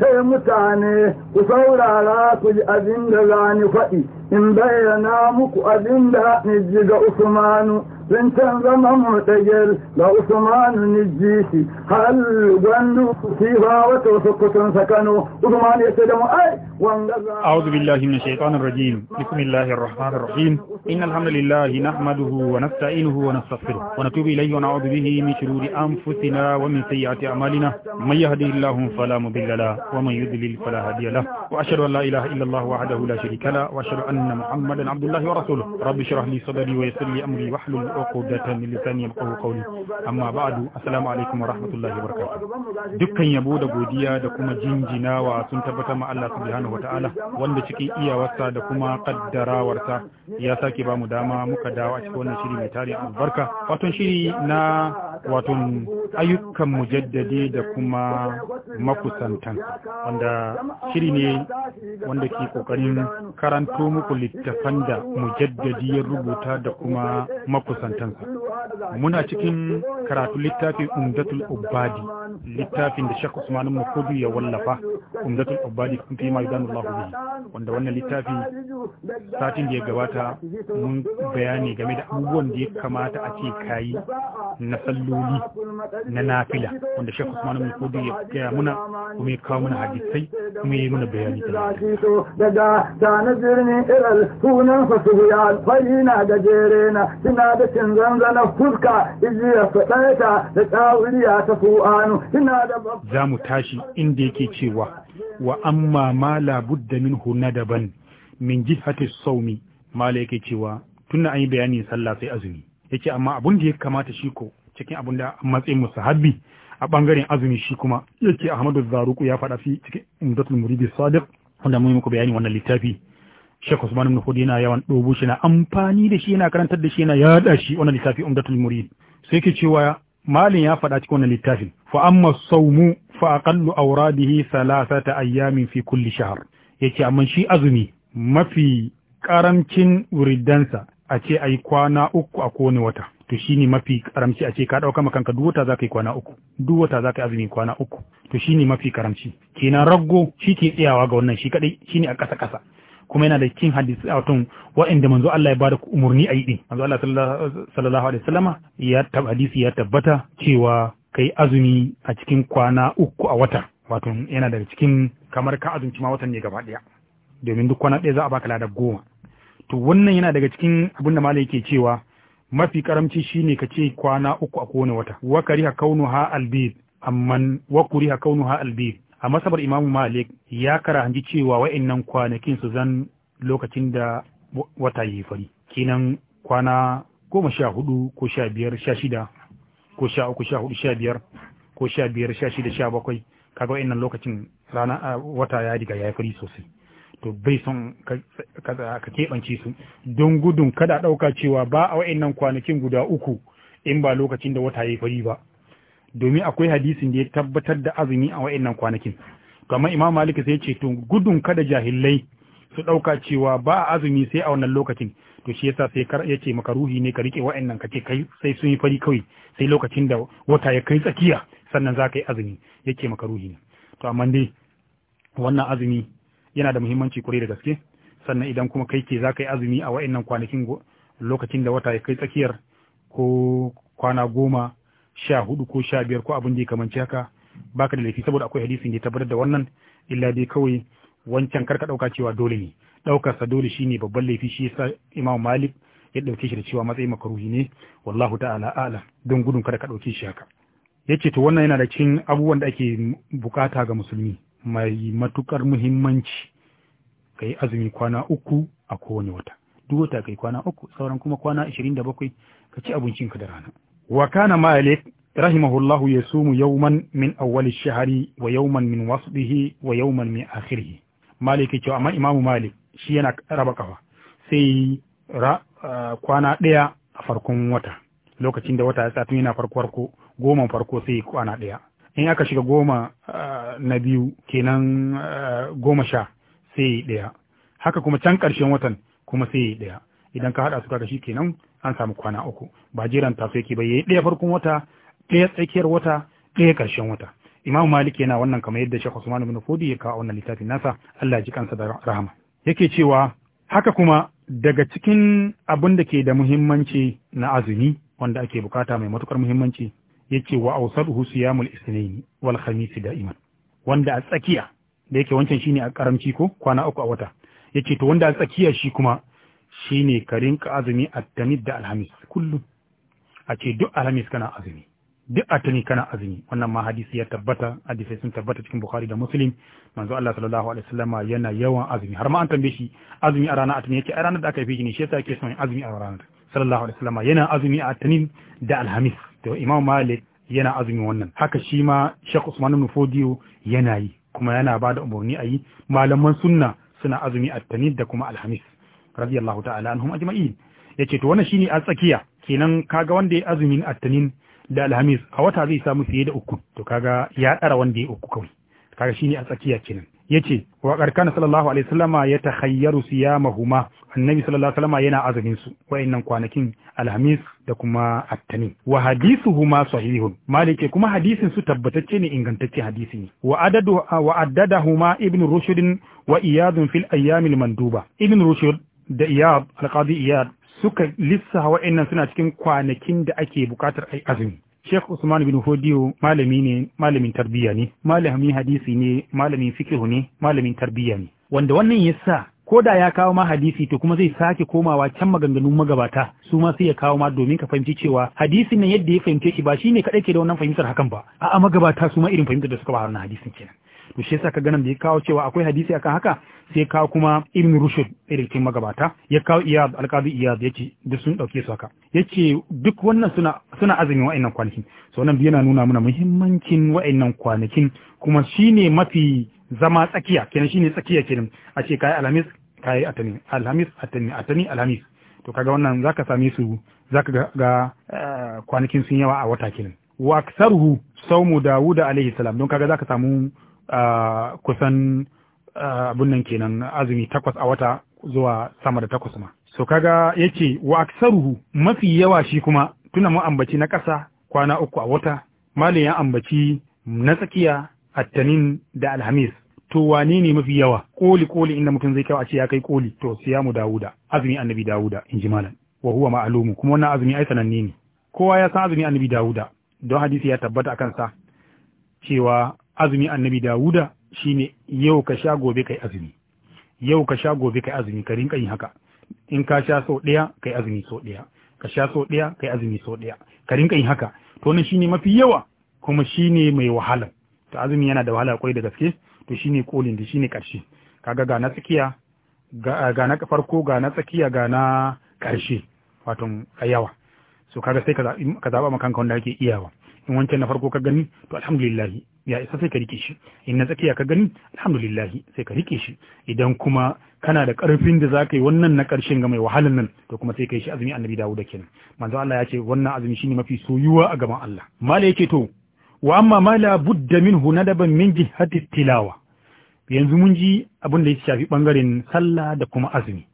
sai mutane ku saurara ku ji abin da za ni faɗi in bayyana muku abin da ni ji ga usmanu بنتان ضم معتجل لعثمان الجيسي هل جنوا فيها وتوفقة سكنوا عثمان يسلم أي أعوذ بالله من الشيطان الرجيم بسم الله الرحمن الرحيم إن الحمد لله نحمده ونستعينه ونستغفره ونتوب إليه ونعوذ به من شرور أنفسنا ومن سيئات أعمالنا من يهده الله فلا مضل له ومن يضلل فلا هادي له وأشهد أن لا إله إلا الله وحده لا شريك له وأشهد أن محمدا عبد الله ورسوله رب اشرح لي صدري ويسر لي أمري واحلل wa qudatan min lisani yafqahu qawli amma ba'du assalamu alaikum wa rahmatullahi wa barakatuh dukkan yabo da godiya da kuma jinjinawa sun tabbata ma Allah subhanahu wataala wanda cikin iyawarsa da kuma kaddarawarsa ya sake bamu dama muka dawo a cikin wannan shiri mai tarin albarka wato shiri na wato ayyukan mujaddadi da kuma makusantan wanda shiri ne wanda ke kokarin karanto muku littafan da mujaddadi ya rubuta da kuma makusantansa muna cikin karatu littafin umdatul ubadi littafin da shek usman makudu ya wallafa umdatul ubadi kun fi ma yudanullahu bihi wanda wannan littafi satin da ya gabata mun bayani game da abubuwan da ya kamata a ce kayi na sallu salloli na nafila wanda shekhu usman bin kudu ya gaya muna kuma ya kawo muna hadisai kuma ya yi muna bayani daga tana birnin iral sunan fasuhiyal fari na gajere na suna da cin fuska ijiyar fadaita da tsawuriya ta fu'anu suna da za mu tashi inda yake cewa wa amma ma labudda min hunna daban min jihati saumi mala yake cewa tunda an yi bayani sallah sai azumi yake amma abun da ya kamata shi ko cikin abin da matsayin musahabi a bangaren azumi shi kuma yake Ahmadu Zaruku ya faɗa fi cikin Umdatul Muridi Sadiq wanda mun muku bayani wannan littafi Sheikh Usman ibn Hudi yana yawan dobo shi na amfani da shi yana karantar da shi yana yada shi wannan littafi Umdatul Murid sai yake cewa malin ya faɗa cikin wannan littafin fa amma sawmu fa aqallu awradihi thalathata ayyamin fi kulli shahr yake amma shi azumi mafi karamcin wuridansa a ce ai kwana uku a kowane wata to shine mafi karamci a ce ka dauka maka kanka duk wata zaka yi kwana uku duk wata zaka yi azumi kwana uku to shine mafi karamci kenan raggo shi ke tsayawa ga wannan shi kadai shine a kasa kasa kuma yana da kin hadisi a watan wa'anda manzo Allah ya bada umurni a yi din manzo Allah sallallahu alaihi wasallam ya tab hadisi ya tabbata cewa kai azumi a cikin kwana uku a wata wato yana daga cikin kamar ka azumci ma watan ne gaba daya domin duk kwana ɗaya za a baka lada goma to wannan yana daga cikin abinda malam malai yake cewa mafi karamci shine ka ce kwana uku a kowane wata kaunu ha albir amma amman wa kaunu ha albir a masabar imamu malik ya kara hanji cewa wa'annan kwanakin su zan lokacin da wata yi fari kinan kwana goma sha hudu ko sha biyar sha shida ko sha uku sha hudu sha biyar ko sha biyar sha shida sha bakwai kaga wa'annan lokacin rana wata ya riga ya yi fari sosai to bai son ka keɓance su don gudun kada ɗauka cewa ba a wa'annan kwanakin guda uku in ba lokacin da wata ya fari ba domin akwai hadisin da ya tabbatar da azumi a wa'annan kwanakin kamar imam malik sai ce to gudun kada jahilai su ɗauka cewa ba a azumi sai a wannan lokacin to shi yasa sai ya ce maka ruhi ne ka rike wa'annan ka ce kai sai sun yi fari kawai sai lokacin da wata ya kai tsakiya sannan za ka yi azumi ya ce maka ruhi ne to amma dai wannan azumi yana da muhimmanci kuri da gaske sannan idan kuma kai ke za ka yi azumi a wa'annan kwanakin lokacin da wata ya kai tsakiyar ko kwana goma sha hudu ko sha biyar ko abin da ya kamanci haka baka da laifi saboda akwai hadisin da ya tabbatar da wannan illa dai kawai wancan karka dauka cewa dole ne daukar sa dole shine babban laifi shi yasa Imam Malik ya dauke shi da cewa matsayin makruhi ne wallahu ta'ala ala don gudun kada ka dauke shi haka yace to wannan yana da cikin abubuwan da ake bukata ga musulmi mai matukar muhimmanci ka yi azumi kwana uku a kowane wata duk wata ka yi kwana uku sauran kuma kwana ashirin da bakwai ka ci abincin ka da rana wa kana malik rahimahullahu ya sumu yauman min awwali shahari wa yauman min bihi, wa yauman min akhirihi malik ya ce amma imamu malik shi yana raba kafa sai kwana ɗaya a farkon wata lokacin da wata ya sa tun yana farko goma farko sai kwana ɗaya in aka shiga goma ah, na biyu kenan ah, goma sha sai yi ɗaya haka kuma can ƙarshen watan kuma sai yi ɗaya idan ka haɗa su kaga shi kenan an samu kwana uku ba jiran ta yake ba yayi ɗaya farkon wata ɗaya tsakiyar wata ɗaya ƙarshen wata imam malik yana wannan kamar yadda shekh usman ibn fudi ya kawo wannan littafin nasa Allah ya ji kansa da rahama yake cewa haka kuma daga cikin abin da ke da muhimmanci na azumi wanda ake bukata mai matukar muhimmanci yace wa awsaduhu siyamul isnayn wal khamis da'iman wanda a tsakiya da yake wancan shine a karamci ko kwana uku a wata yace to wanda a tsakiya shi kuma shine ka rinka azumi at-tanid da alhamis kullum a ce duk alhamis kana azumi duk atani kana azumi wannan ma hadisi ya tabbata hadisai sun tabbata cikin bukhari da muslim manzo Allah sallallahu alaihi wasallama yana yawan azumi har ma an tambaye shi azumi a ranar atani yake a ranar da aka yi shi ne shi yasa yake son azumi a ranar sallallahu alaihi wasallam yana azumi a tanin da alhamis to imam malik yana azumin wannan haka shi ma shek usman ibn fodiyo yana yi kuma yana ba da umarni a yi malaman sunna suna azumi a tanin da kuma alhamis radiyallahu ta'ala anhum ajma'in yace to wannan shine a tsakiya kenan kaga wanda ya azumin attanin da alhamis a wata zai samu fiye da uku to kaga ya dara wanda ya uku kawai kaga shine a tsakiya kenan yace wa Waƙar sallallahu alaihi wasallama ya takhayyaru siyamahuma annabi sallallahu alaihi wasallama yana azumin su wayannan kwanakin alhamis da kuma attani wa hadithuhuma sahihun malike kuma hadisin su tabbatacce ne ingantacce hadisi ne wa adadu wa addadahuma ibn rushd wa iyad fil ayyam al manduba ibn rushd da iyad al qadi iyad suka lissa wayannan suna cikin kwanakin da ake bukatar ai azumi Sheikh Usman bin Hodiyo malami ne malamin tarbiyya ne, malamin hadisi ne, malamin fikihu ne, malamin tarbiyya ne. Wanda wannan ya sa ko da ya kawo ma hadisi to kuma zai sake komawa can maganganun magabata su ma sai ya kawo ma domin ka fahimci cewa hadisin nan yadda ya fahimce shi ba shine kadai ke da wannan fahimtar hakan ba a'a magabata su ma irin fahimtar da suka ba wannan hadisin kenan to shi yasa ka ganin da ya kawo cewa akwai hadisi akan haka sai kawo kuma ibn rushd irin magabata ya kawo iyad alqadi iyad yace duk sun dauke su haka yace duk wannan suna suna azumin wa'annan kwanakin so bi yana nuna mana muhimmancin wa'annan kwanakin kuma shine mafi zama tsakiya kenan shine tsakiya kenan a ce kai alhamis kai atani alhamis atani atani alhamis to kaga wannan zaka same su zaka ga eh, kwanakin sun yawa a wata kenan wa aktsaruhu sawmu dawuda alayhi salam don kaga zaka samu kusan abun nan kenan azumi takwas a wata zuwa sama da takwas ma so kaga yace wa aksaruhu mafi yawa shi kuma tuna mu ambaci na ƙasa kwana uku a wata malin ya ambaci na tsakiya attanin da alhamis to wane ne mafi yawa koli koli inda mutum zai kawo a ce ya kai koli to siyamu dawuda azumi annabi dawuda in ji malam wa huwa kuma wannan azumi ai sananne ne kowa ya san azumi annabi dawuda don hadisi ya tabbata akan sa cewa azumi annabi dawuda shine yau ka sha gobe kai azumi yau ka sha gobe kai azumi ka rinka yin haka in ka sha sau ɗaya kai azumi sau ɗaya ka sha sau ɗaya kai azumi sau ɗaya ka rinka yin haka to wannan shine mafi yawa kuma shine mai wahala to azumi yana da wahala kwai da gaske to shine kolin da shine karshe kaga ga na tsakiya ga na farko ga na tsakiya ga na karshe wato a yawa so kaga sai ka zaɓa makanka wanda ake iyawa in wancan na farko ka gani to alhamdulillahi ya isa sai ka rike shi in na tsakiya ka gani alhamdulillahi sai ka rike shi idan kuma kana da karfin da zaka yi wannan na karshen ga mai wahalan nan to kuma sai ka yi shi azumi annabi dawo da kenan manzo Allah ya ce wannan azumi shine mafi soyuwa a gaban Allah mala yake to wa amma mala budda minhu nadaban min jihati tilawa yanzu mun ji abin da ya shafi bangaren sallah da kuma azumi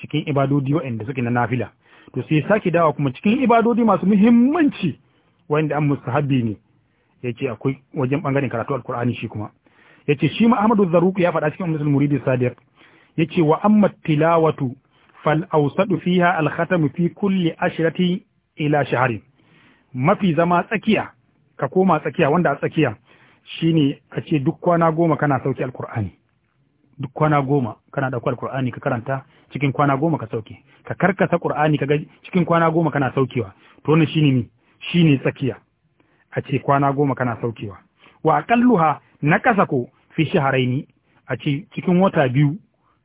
cikin ibadodi wa'anda suke na nafila to sai sake dawa kuma cikin ibadodi masu muhimmanci wanda an mustahabbi ne yace akwai wajen bangaren karatu alqur'ani shi kuma yace shi Muhammadu Zaruq ya faɗa cikin Ummatul Muridi Sadiq yace wa amma tilawatu fal awsadu fiha al khatamu fi kulli ashrati ila shahrin mafi zama tsakiya ka koma tsakiya wanda a tsakiya shine a ce duk kwana goma kana sauki alkur'ani duk kwana goma kana ɗauko alkur'ani ka karanta cikin kwana goma ka sauke ka karkasa qur'ani ka cikin kwana goma kana saukewa to wannan shine ni ne tsakiya a ce kwana goma kana saukewa wa aqalluha na kasa ko fi shaharaini a ce cikin wata biyu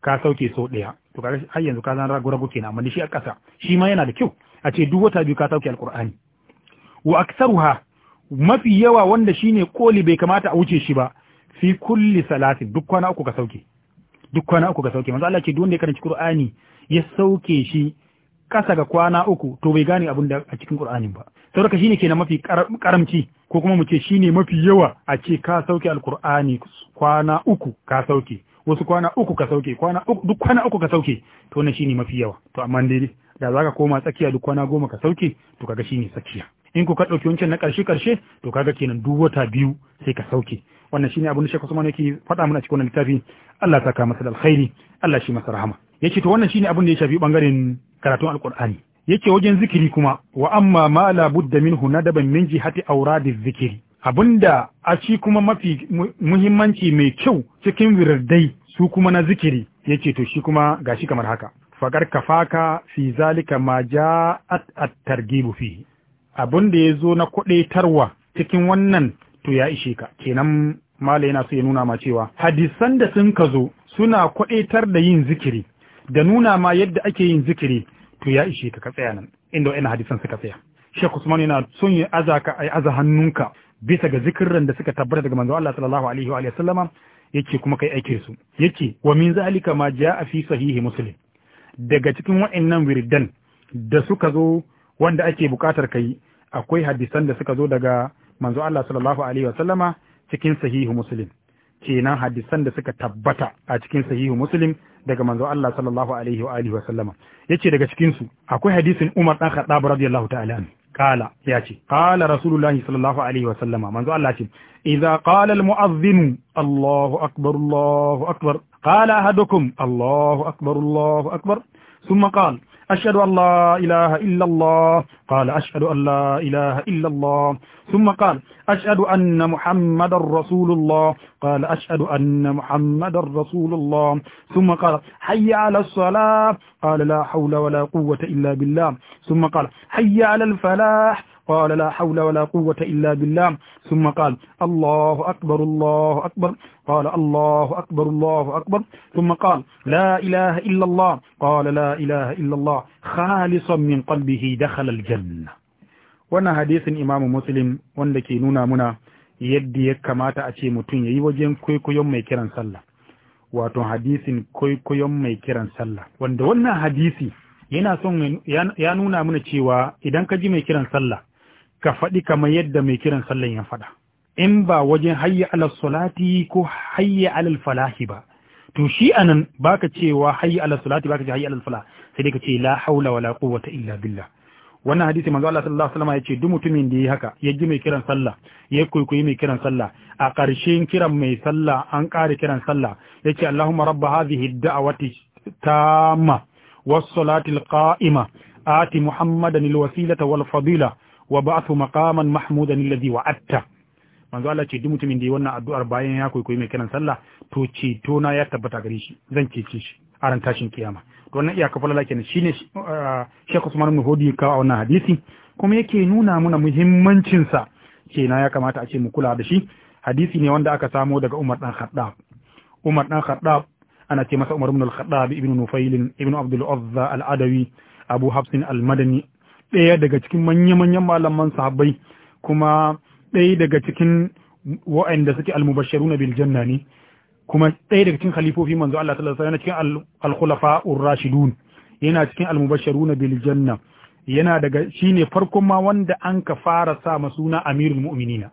ka sauke sau ɗaya to ka har yanzu ka zan ragu ragu kenan amma shi a ƙasa shi ma yana da kyau a ce duk wata biyu ka sauke alqur'ani wa aktsaruha mafi yawa wanda shine koli bai kamata a wuce shi ba fi kulli salatin duk kwana uku ka sauke duk kwana uku ka sauke manzo Allah ce duk wanda ya karanci Qur'ani ya sauke shi kasa ga kwana uku to bai gane abin da a cikin Qur'anin ba sauraka shine kenan mafi karamci ko kuma mu ce shine mafi yawa a ce ka sauke alkur'ani kwana uku ka sauke wasu kwana uku ka sauke kwana uku duk kwana uku ka sauke to wannan shine mafi yawa to amma dai da zaka koma tsakiya duk kwana goma ka sauke to kaga shine tsakiya in ku ka dauki wancan na karshe karshe to kaga kenan duk wata biyu sai ka sauke wannan shine abun da Sheikh Usman yake faɗa mana cikin wannan littafi Allah ta ka masa alkhairi Allah shi masa rahama yace to wannan shine abun da ya shafi bangaren karatun alkur'ani yake wajen zikiri kuma wa amma ma la budda minhu nadaban min jihati awradiz zikiri abunda a ci kuma mafi muhimmanci mai kyau cikin wirdai su kuma na zikiri yace to shi kuma gashi kamar haka faqar kafaka fi zalika ma ja'at at targibu fi abunda yazo na kudaitarwa cikin wannan to ya ishe ka kenan mala yana so ya nuna ma cewa hadisan da sun ka zo suna kwadaitar da yin zikiri da nuna ma yadda ake yin zikiri to ya ishe ka ka tsaya nan inda wa'ina hadisan suka tsaya Sheikh Usman yana son ya aza ka ai aza hannunka bisa ga zikirran da suka tabbata daga manzo Allah sallallahu alaihi wa sallama yake kuma kai aike su yake wa min zalika ma jaa fi sahihi muslim daga cikin wa'innan wiridan da suka zo wanda ake bukatar kai akwai hadisan da suka zo daga manzo Allah sallallahu alaihi wa sallama cikin sahihi muslim kenan hadisan da suka tabbata a cikin sahihu muslim daga manzo Allah sallallahu alaihi wa alihi wa sallama yace daga cikin su akwai hadisin Umar dan Khattab radiyallahu ta'ala an kala yace kala rasulullahi sallallahu alaihi wa sallama manzo Allah ce idza qala al mu'adhdhin Allahu akbar Allahu akbar qala ahadukum Allahu akbar Allahu akbar thumma qala أشهد أن لا إله إلا الله قال أشهد أن لا إله إلا الله ثم قال أشهد أن محمد رسول الله قال أشهد أن محمد رسول الله ثم قال حي على الصلاة قال لا حول ولا قوة إلا بالله ثم قال حي على الفلاح قال لا حول ولا قوة إلا بالله ثم قال الله أكبر الله أكبر قال الله أكبر الله أكبر ثم قال لا إله إلا الله قال لا إله إلا الله خالصا من قلبه دخل الجنة وانا حديث إمام مسلم وانا كي نونا منا يدي يكامات تأتي متين يوجين كوي كوي يوم يكيران سلا واتو حديث كوي كوي يوم يكيران سلا وانا حديثي ينا سون يانونا منا چيوا إدان كجي ميكيران سلا ka faɗi kamar yadda mai kiran sallan ya faɗa in ba wajen hayya alal salati ko hayya alal falahi ba to shi anan baka cewa hayya alal salati baka ce hayya alal falah sai dai ka ce la haula wala quwwata illa billah wannan hadisi manzo Allah sallallahu alaihi wasallam ya ce duk mutumin da yi haka ya ji mai kiran sallah ya kuikuyi mai kiran sallah a ƙarshen kiran mai sallah an ƙare kiran sallah yace Allahumma rabba hadhihi ad-da'wati tamma was-salati al-qa'ima ati Muhammadan al-wasilata wa ba'athu maqaman mahmudan alladhi wa'atta manzo Allah ce duk mutumin da yi wannan addu'ar bayan ya koyi mai kiran sallah to ceto na ya tabbata gare shi zan cece shi a ran tashin kiyama to wannan iyaka falala kenan shine uh, Sheikh Usman ibn Hudi ka a wannan hadisi kuma yake nuna mana muhimmancin sa kenan ya kamata a ce mu kula da shi hadisi ne wanda aka samo daga Umar dan Khattab Umar dan Khattab ana ce masa Umar ibn al-Khattab ibn Nufail ibn Abdul Azza al-Adawi Abu Hafs al-Madani ɗaya daga cikin manya-manyan malaman sahabbai kuma ɗaya daga cikin wa'anda suke almubasharuna na janna ne kuma ɗaya daga cikin khalifofi manzo Allah sallallahu alaihi wasallam yana cikin al-khulafa yana cikin almubasharuna bil janna yana daga shi ne farkon ma wanda an ka fara sa suna amirul mu'minina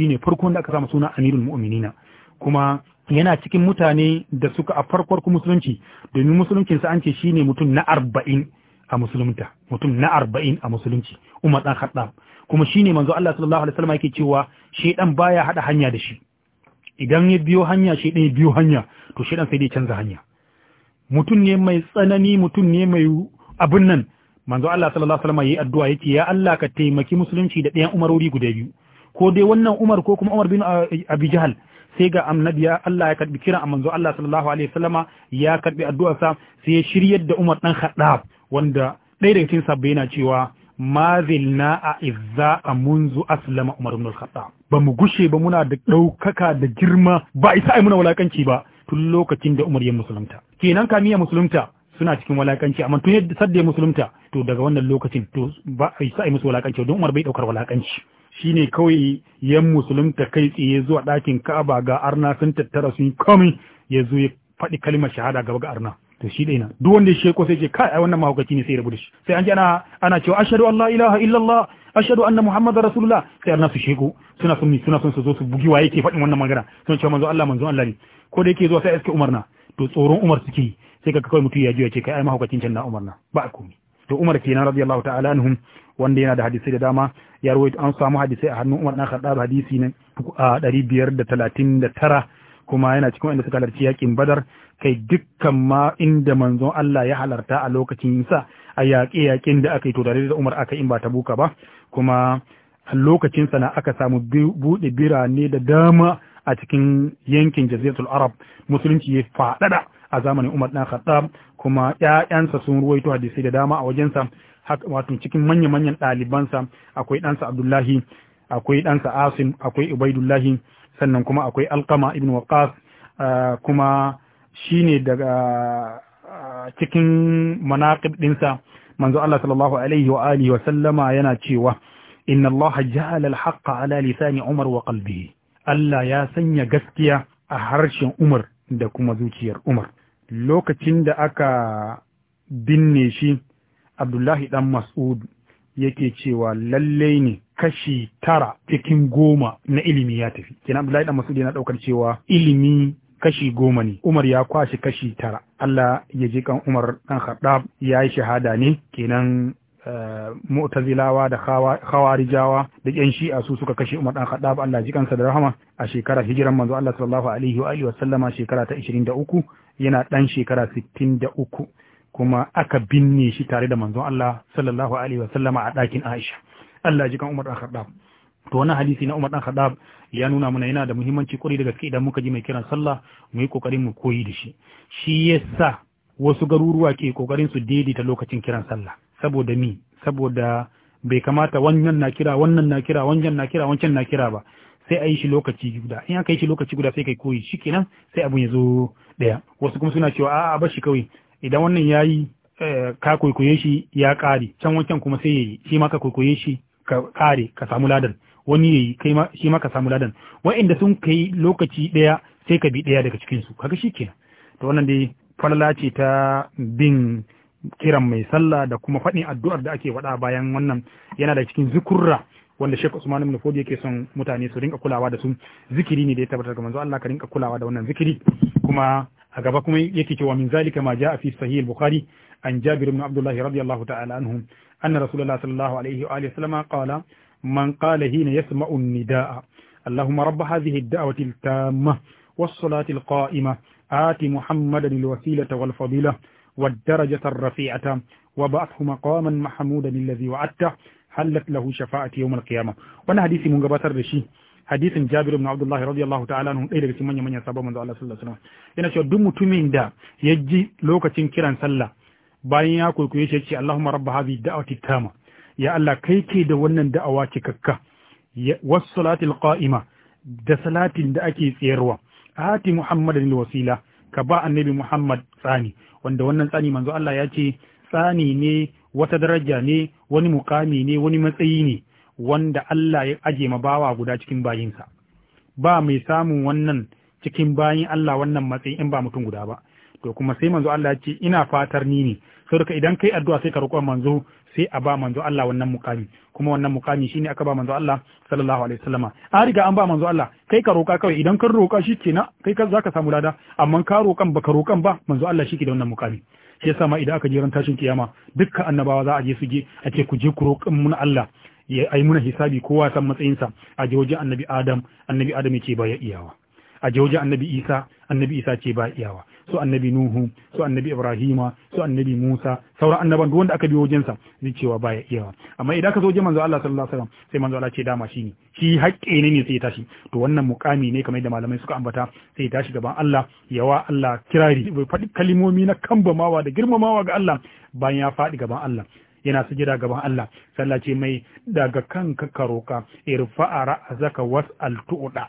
ne farkon da aka sa suna amirul mu'minina kuma yana cikin mutane da suka a farkon musulunci domin musuluncinsa an ce shi ne mutum na arba'in a musulunta mutum na arba'in a musulunci umar ɗan haɗa kuma shine manzo Allah sallallahu alaihi wasallam yake cewa shedan baya haɗa hanya da shi idan ya biyo hanya shedan ya biyo hanya to shedan sai dai canza hanya mutum ne mai tsanani mutum ne mai abin nan manzo Allah sallallahu alaihi wasallam yayi addu'a yake ya Allah ka taimaki musulunci da ɗayan umarori guda biyu ko dai wannan Umar ko kuma Umar bin Abi Jahal sai ga annabi ya Allah ya karbi kiran manzo Allah sallallahu alaihi wasallama ya karbi addu'arsa sai ya shiryar da Umar dan Khattab wanda dai daga cikin sabbai yana cewa ma zilna a izza a munzu aslama umar ibn al-khattab ba mu gushe ba muna da ɗaukaka da girma ba isa ai muna walakanci ba tun lokacin da umar ya musulunta kenan kami ya musulunta suna cikin walakanci amma tun yadda sadda ya musulunta to daga wannan lokacin to ba isa ai musu walakanci don umar bai daukar walakanci Shi ne kawai yan musulunta kai tsaye zuwa ɗakin ka'aba ga arna sun tattara sun komai ya zo ya faɗi kalmar shahada gaba ga arna to shi ɗaya na duk wanda ya sheko sai ce kai ai wannan mahaukaci ne sai ya rabu da shi sai an ji ana ana cewa ashhadu an la ilaha illallah ashhadu anna muhammadar rasulullah sai arna su sheko suna sun suna son su zo su bugi waye ke faɗin wannan magana suna cewa manzo Allah manzo Allah ne ko da yake zuwa sai iske Umar na to tsoron Umar suke yi sai kaga kawai mutum ya ji ya ce kai ai mahaukacin can na Umar na ba komai to Umar kenan radiyallahu ta'ala anhum wanda yana da hadisai da dama ya rawaito an samu hadisai a hannun Umar dan Khattab hadisi ne a 539 kuma yana cikin wanda suka halarci yakin Badar kai dukkan ma inda manzon Allah ya halarta a lokacin sa a yaƙe yaƙin da aka yi to tare da Umar aka in ba ta buka ba kuma a lokacin sa na aka samu buɗe birane da dama a cikin yankin Jaziratul Arab musulunci ya faɗaɗa a zamanin Umar dan Khattab kuma ƴaƴansa sun ruwaito hadisi da dama a wajensa wato cikin manya-manyan ɗalibansa akwai ɗansa abdullahi akwai ɗansa asim akwai ubaidullahi sannan kuma akwai alkama ibn waqas ah, kuma shine daga ah, cikin manaƙib ɗinsa manzo Allah sallallahu alaihi wa alihi wa sallama yana cewa inna Allah ja'ala al-haqqa ala lisani Umar wa qalbihi Allah ya sanya gaskiya a harshen Umar da kuma zuciyar Umar lokacin da aka binne shi abdullahi Ɗan mas'ud yake cewa lalle ne kashi tara cikin goma na ilimi ya tafi kenan abdullahi Ɗan mas'ud yana ɗaukar cewa ilimi kashi goma ne umar ya kwashe kashi tara Allah ya je kan umar ɗan khattab ya yi shahada ne kenan eh, mu'tazilawa da khawarijawa da yan shi'a su suka kashe Umar ɗan Khattab Allah ji kansa da rahama a shekara hijiran manzo Allah sallallahu alaihi wa alihi wa sallama shekara ta 23 yana ɗan shekara 63 kuma aka binne shi tare da manzon Allah sallallahu alaihi wa sallama a ɗakin Aisha Allah ji kan Umar dan Khaddab. to wannan hadisi na Umar dan Khaddab ya nuna mana yana da muhimmanci kuri da gaske idan muka ji mai kiran sallah mu yi kokarin mu koyi da shi shi yasa wasu garuruwa ke kokarin su daidaita lokacin kiran sallah saboda mi saboda bai kamata wannan na kira wannan na kira wancan na kira wancan na kira ba sai a yi shi lokaci guda in aka yi shi lokaci guda sai kai koyi shikenan sai abun ya zo daya wasu kuma suna cewa a'a bar shi kawai idan wannan ya yi eh, ka kwaikwaye shi ya ƙare can wancan kuma sai ya yi shi ma ka kwaikwaye shi ka ƙare ka samu ladan wani ya yi shi ma ka samu ladan wa'inda sun kai lokaci ɗaya sai ka bi ɗaya daga cikinsu kaga shi kenan to wannan dai falala ce ta bin kiran mai sallah da kuma faɗi addu'ar da ake waɗa bayan wannan yana da cikin zikurra wanda Sheikh Usman ibn Fodi yake son mutane su rinka kulawa da su zikiri ne da ya tabbatar ga manzo Allah ka rinka kulawa da wannan zikiri kuma أجابكم كما يكتوى من ذلك ما جاء في صحيح البخاري عن جابر بن عبد الله رضي الله تعالى عنه أن رسول الله صلى الله عليه وآله وسلم قال من قال هنا يسمع النداء اللهم رب هذه الدعوة التامة والصلاة القائمة آت محمدا الوسيلة والفضيلة والدرجة الرفيعة وبعثه مقاما محمودا الذي وعدته حلت له شفاعة يوم القيامة ونحديث من قبطة الرشيد hadisin Jabir ibn Abdullah radiyallahu ta'ala anhu ɗaya daga cikin manyan manyan sabon manzo Allah sallallahu alaihi wasallam yana cewa duk mutumin da ya ji lokacin kiran sallah bayan ya kurkuye shi ya ce Allahumma rabba hadhihi da'wati tama ya Allah kai ke da wannan da'awa cikakka was salatil qa'ima da salatin da ake tsayarwa ati muhammad wasila ka ba annabi muhammad tsani wanda wannan tsani manzo Allah ya ce tsani ne wata daraja ne wani mukami ne wani matsayi ne wanda Allah ya aje ma bawa guda cikin bayinsa ba mai samun wannan cikin bayin Allah wannan matsayi in ba mutum guda ba to kuma sai manzo Allah ya ce ina fatar ni ne saboda idan kai addu'a sai ka roƙo manzo sai a ba manzo Allah wannan mukami kuma wannan mukami shine aka ba manzo Allah sallallahu alaihi wasallama a riga an ba manzo Allah kai ka roƙa kawai idan ka roƙa shikenan kai ka zaka samu lada amma ka roƙan baka roƙan ba manzo Allah shi ke da wannan mukami shi yasa ma idan aka je ran tashin kiyama dukkan annabawa za a je su je a ce ku je ku roƙan mun Allah ya ai muna hisabi kowa san matsayinsa a jawajin annabi adam annabi adam ce ba ya iyawa a jawajin annabi isa annabi isa ce ba iyawa su annabi nuhu su annabi ibrahima su annabi musa sauran annaban duk wanda aka biyo wajen sa zai cewa ba ya iyawa amma idan ka zo wajen manzo Allah sallallahu alaihi wasallam sai manzo Allah ce dama shi ne shi haƙƙi ne ne sai ya tashi to wannan muƙami ne kamar da malamai suka ambata sai ya tashi gaban Allah ya wa Allah kirari faɗi kalimomi na kambamawa da girmamawa ga Allah bayan ya faɗi gaban Allah yana sujada gaban Allah sallah ce mai daga kanka ka roka irfa'a ra'azaka was'al tu'da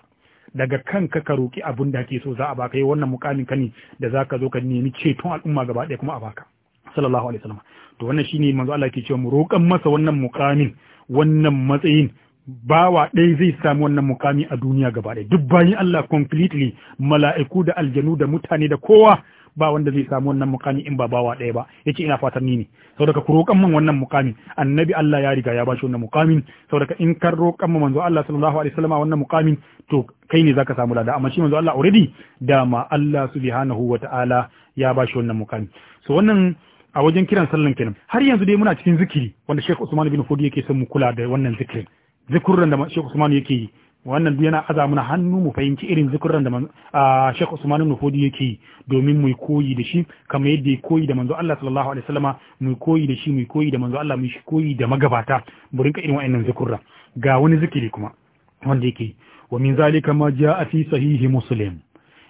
daga kanka ka roki abin da ke so za a baka yi eh, wannan mukamin ka ne da zaka zo ka nemi ceton al'umma gaba ɗaya kuma a baka sallallahu alaihi wasallam to wannan shine manzo Allah ke cewa mu roƙan masa wannan mukamin wannan matsayin bawa ɗaya zai samu wannan mukami a duniya gaba ɗaya duk bayan Allah completely mala'iku da aljanu da mutane da kowa ba wanda zai samu wannan mukami in ba bawa ɗaya ba yace ina fatan ni ne daga ka roƙan man wannan mukami annabi Allah ya riga ya bashi wannan mukamin daga in ka roƙan man manzo Allah sallallahu alaihi wasallam wannan mukamin to kai ne zaka samu lada amma shi manzo Allah already dama Allah subhanahu ta'ala ya bashi wannan mukami so wannan a wajen kiran sallan kenan har yanzu dai muna cikin zikiri wanda Sheikh Usman bin Fodi yake son mu kula da wannan zikirin zikurran da Sheikh Usman yake yi wannan duk yana aza mana hannu mu fahimci irin zikurran da Sheikh Usman ibn Fodi yake yi domin mu koyi da shi kamar yadda ya koyi da manzo Allah sallallahu alaihi wasallama mu koyi da shi mu koyi da manzo Allah mu koyi da magabata mu rinka irin wa'annan zikurra ga wani zikiri kuma wanda yake wa min zalika ma jaa fi sahihi muslim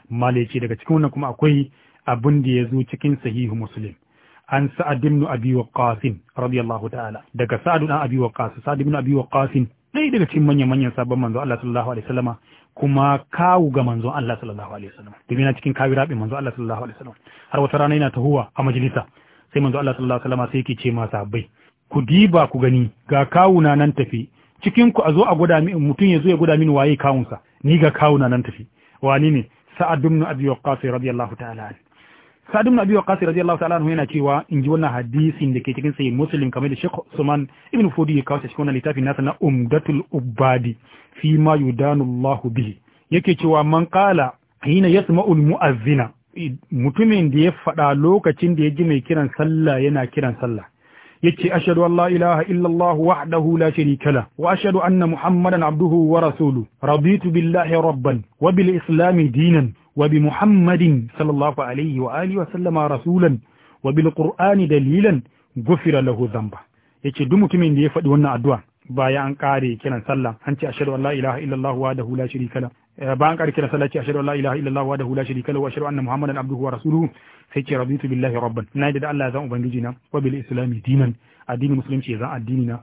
malaiki daga cikin wannan kuma akwai abin da ya zo cikin sahihi muslim an sa'ad ibn abi waqqas radiyallahu ta'ala daga sa'ad ibn abi waqqas sa'ad ibn abi waqqas dai daga cikin manya-manyan sabon manzo Allah sallallahu alaihi wasallama kuma kawu ga manzon Allah sallallahu alaihi wasallama domin yana cikin kawi rabin manzon Allah sallallahu alaihi wasallama har wata rana yana tahuwa a majalisa sai manzon Allah sallallahu alaihi wasallama sai yake ce ma sahabbai ku diba ku gani ga kawu na nan tafi cikin ku a zo a gwada min mutum ya zo ya gwada min waye kawunsa ni ga kawu na nan tafi wani ne sa'ad ibn abi waqqas radiyallahu ta'ala Sa'ad ibn Abi Waqqas radiyallahu ta'ala yana cewa in ji wannan hadisin da ke cikin sahih Muslim kamar da Sheikh Usman ibn Fudi ya kawo cikin wannan littafin nasa na Umdatul Ubadi fi ma yudanu Allah bihi yake cewa man qala hina yasma'ul al-mu'azzina mutumin da ya faɗa lokacin da ya ji mai kiran sallah yana kiran sallah yace ashhadu an la ilaha illa Allah wahdahu la sharika la wa ashhadu anna Muhammadan abduhu wa rasuluhu raditu billahi rabban wa bil islami dinan وبمحمد صلى الله عليه وآله وسلم رسولا وبالقرآن دليلا غفر له ذنبه yace duk mutumin da ya faɗi wannan addu'a bayan an ƙare kiran sallah an ce ashhadu an la ilaha illallah wahdahu la sharika la bayan sallah ce ashhadu an la ilaha illallah wahdahu la sharika la anna muhammadan abduhu wa rasuluhu sai ce raditu rabban na da Allah zan ubangiji na wa bil dinan addinin musulunci zan addini na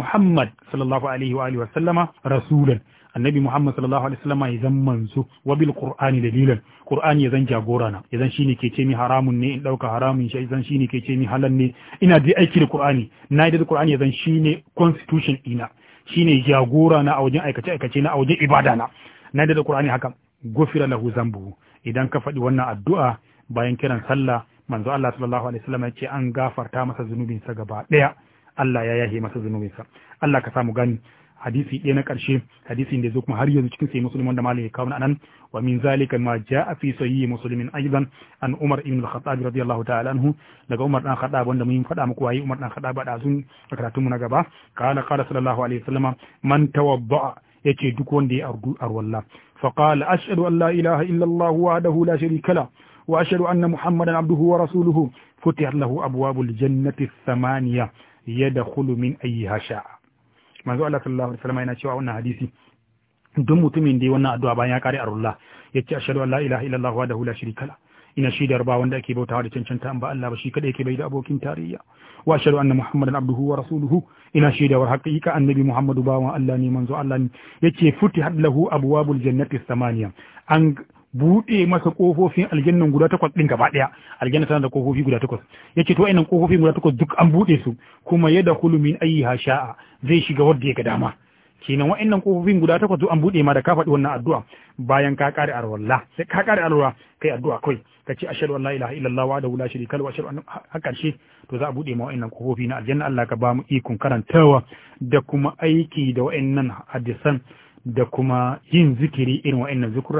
muhammad sallallahu alaihi wa sallama rasulan annabi Muhammad sallallahu alaihi wasallam ya zan manzo wa bil qur'ani dalilan qur'ani ya zan jagora na ya zan shine ke ce ni haramun ne in dauka haramun shi zan shine ke ce ni halal ne ina da aiki da qur'ani na yi da qur'ani ya zan shine constitution ina shine jagora na a wajen aikace aikace na a wajen ibada na na yi da qur'ani haka gofira lahu zambu idan ka faɗi wannan addu'a bayan kiran sallah manzo Allah sallallahu alaihi wasallam ya ce an gafarta masa zunubinsa gaba daya Allah ya yahe masa zunubinsa Allah ka samu gani hadisi ɗaya na ƙarshe hadisin da zo kuma har yanzu cikin sai musulman da malam kawo anan wa min zalika ma jaa fi sahih muslimin aidan an umar ibn al-khattab radiyallahu ta'ala anhu daga umar dan khattab wanda mun faɗa muku wayi umar dan khattab da sun karatun mu na gaba kana qala sallallahu alaihi wasallam man tawadda yace duk wanda ya ardu arwalla fa qala ashhadu an la ilaha illa allah wahdahu la sharika la wa ashhadu anna muhammadan abduhu wa rasuluhu futihat lahu abwabul jannati thamaniya yadkhulu min ayyiha sha'a manzo Allah sallallahu alaihi wasallam yana cewa wannan hadisi duk mutumin da ya wannan addu'a bayan ya kare arullah yace ashhadu an la ilaha illallah wahdahu la sharika la ina shaidar ba wanda ake bautawa da cancanta ba Allah ba shi kadai yake bai da abokin tarayya wa ashhadu anna muhammadan abduhu wa rasuluhu ina shaidawar haqiqa annabi muhammadu Bawa Allah ne manzo Allah ne yace futi lahu abwabul jannati samaniya an buɗe masa ƙofofin aljannan guda takwas ɗin gaba ɗaya aljanna tana da ƙofofi guda takwas Ya ce to wayannan ƙofofi guda takwas duk an buɗe su kuma hulumin min ha sha'a zai shiga wanda ya ga dama kenan wayannan kofofin guda takwas duk an buɗe ma da ka faɗi wannan addu'a bayan ka ƙare arwalla sai ka ƙare arwalla kai addu'a kai Ka ashhadu an la ilaha illallah wa la sharika lahu wa ashhadu anna har to za a buɗe ma wayannan ƙofofi na aljanna Allah ka ba mu ikon karantawa da kuma aiki da wayannan hadisan da kuma yin zikiri irin wayannan zikuran